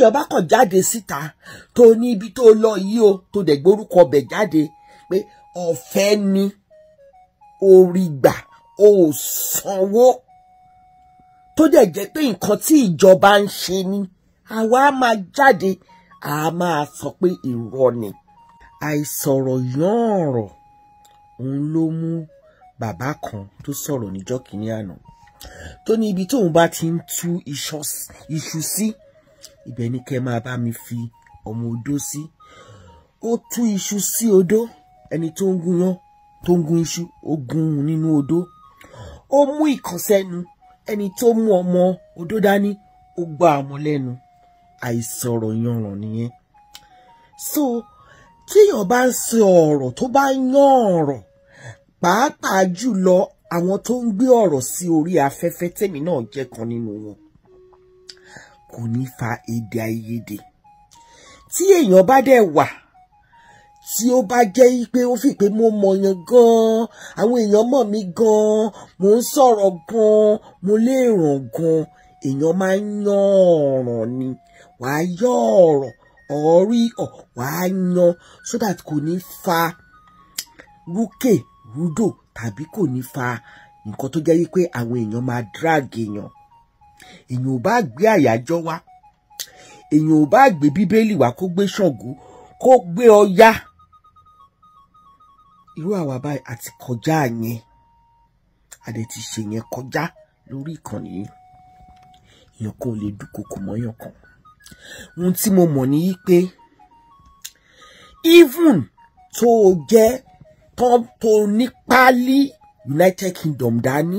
téèyàn bá kàn jáde síta tó ní ibi tó lọ yìí o tó dẹ̀ gbórúkọ ọbẹ̀ jáde pé ọ̀fẹ́ ni orí gbà o ò sanwó tó dẹ̀ jẹ́ pé nǹkan tí ìjọba ń ṣe ni àwa á máa jáde a máa sọ pé irọ́ ni àìsọ̀rọ̀ yán òun ló mú bàbá kan tó sọ̀rọ̀ níjọ́ kìíní àná tó ní ibi tóun bá ti ń tú iṣu sí. Si ibẹ̀ ni kẹ́ máa bá mi fi ọmọ odó sí ó tú iṣu sí odó ẹni tó ń gún yán tó ń gún iṣu ó gún un nínú odó ó mú ìkànsẹ́nu ẹni tó mú ọmọ odó dání ó gbá ọmọ lẹ́nu àìsọ̀rọ̀ yanràn nìyẹn so tíyàn bá ń sọ ọ̀rọ̀ tó bá yán ọ̀rọ̀ pàápàá jùlọ àwọn tó ń gbé ọ̀rọ̀ sí orí afẹ́fẹ́ tèmi náà jẹ́ kan nínú wọn kò ní fa èdè àìyedè tí èèyàn bá dẹ̀ wà tí ó bá jẹ́ pé ó fi pé mo mọ̀yàn gan-an àwọn èèyàn mọ̀ mí gan-an mò ń sọ̀rọ̀ gan-an mo lè ràn gan-an èèyàn máa ń yan ọ̀ràn ni wàá yọ ọ̀rọ̀ ọ̀rí ọ̀ wàá yan so that kò ní fa rúkè rúdò tàbí kò ní fa nǹkan tó jẹ́ wípé àwọn èèyàn máa drag èèyàn èyàn ò bá gbé àyájọ́ wá èyàn ò bá gbé bíbélì wá kó gbé Ṣàngó kó gbé Ọya irú àwa báyìí àti kọjá yẹn adẹ ti ṣe yẹn kọjá lórí ìkànnì yìí èèyàn kan ò lè dúnkokò mọ́yàn kan ohun tí mo mọ̀ ní pé even tó o jẹ́ tó ní páálí United Kingdom dání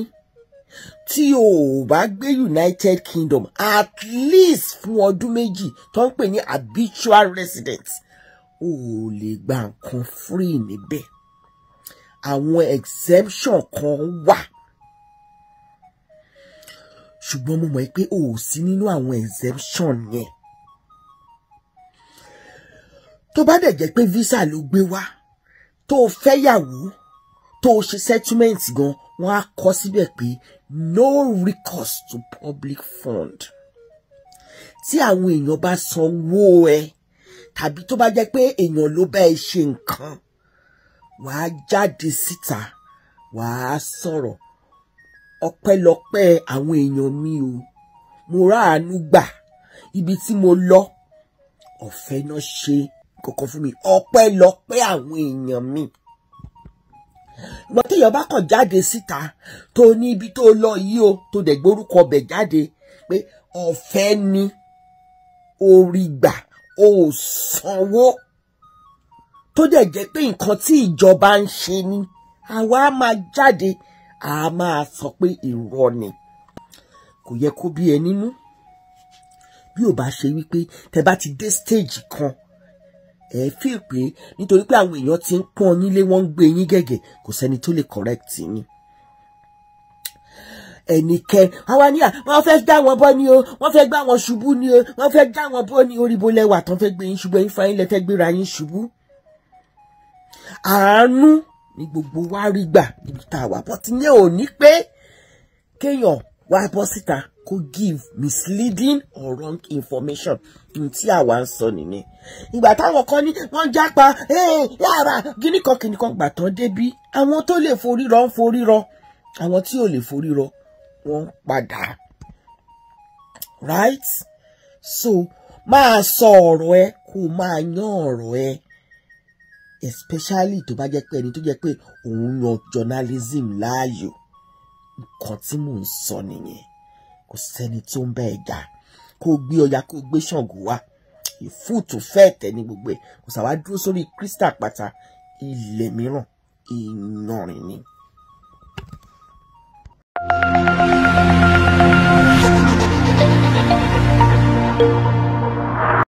tí o ò bá gbé United Kingdom at least fún ọdún méjì tó ń pè ní habitual resident o ò lè gba nǹkan free níbẹ̀ àwọn exemption kan wà ṣùgbọ́n mo mọ̀ pé o ò sí nínú àwọn exemption yẹn tó bá dẹ̀ jẹ́ pé visa ló gbé wá tó o fẹ́yàwó tó o ṣe settlement gan wọ́n á kọ síbẹ̀ pé no recourse to public fund tí àwọn èèyàn bá sanwó ẹ tàbí tó bá jẹ́ pé èèyàn ló bá ẹ ṣe nǹkan wàá jáde síta wàá sọ̀rọ̀ ọpẹ́lọpẹ́ àwọn èèyàn mi o mo ráàánú gbà ibi tí mo lọ ọ̀fẹ́ náà ṣe kọ̀ọ̀kan fún mi ọpẹ́lọpẹ́ àwọn èèyàn mi ìwọ téèyàn bá kàn jáde síta tó ní ibi tó lọ yìí o tó dẹ̀ gbórúkọ ọbẹ̀ jáde pé ọ̀fẹ́ ni orí gbà o ò sanwó tó dẹ̀ jẹ́ pé nǹkan tí ìjọba ń ṣe ni àwa máa jáde a máa sọ pé irọ́ ni kò yẹ kó bí ẹ nínú bí ò bá ṣe wípé tẹ bá ti dé stage kan ẹ fi pé nítorí pé àwọn èèyàn ti ń pọ́n yín lé wọ́n ń gbé yín gẹ̀gẹ̀ kò sẹ́ni tó lè correct yín ẹnikẹ́ àwa ní à wọ́n fẹ́ dá wọn bọ́ ni o wọ́n fẹ́ gbá wọn ṣubú ni o wọ́n fẹ́ dá wọn bọ́ ni oríbo lẹ́wà tán fẹ́ gbé yín ṣubú ẹ̀yin fún ayínlẹ̀ tẹ́ gbéra yín ṣubú. àánú ni gbogbo wa rí gbà níbi tá a wà bọ́ ti ní òní pé kéèyàn wá bọ́ síta kó give misleading or wrong information ní tí àwa ń sọ nìyẹn ìgbà táwọn kan ní wọ́n jápa yàrá gíníkan kìnìkan gbà tán débí àwọn tó lè forírọ ń forírọ àwọn tí ò lè forírọ wọ́n padà right so máa sọ ọ̀rọ̀ ẹ kó máa yán ọ̀rọ̀ ẹ especially tó bá jẹ́ pé ẹni tó jẹ́ pé òun yan journalism láàyò nǹkan tí mò ń sọ nìyẹn kò sẹ́ni tó ń bẹ́ ẹ̀ jà kó gbé ọya kó gbé ṣàngó wá ìfúùtù fẹ́ẹ̀ ní gbogbo ẹ̀ kò sàwá sórí kírísítà pátá ilẹ̀ mìíràn ìyànrìn ni.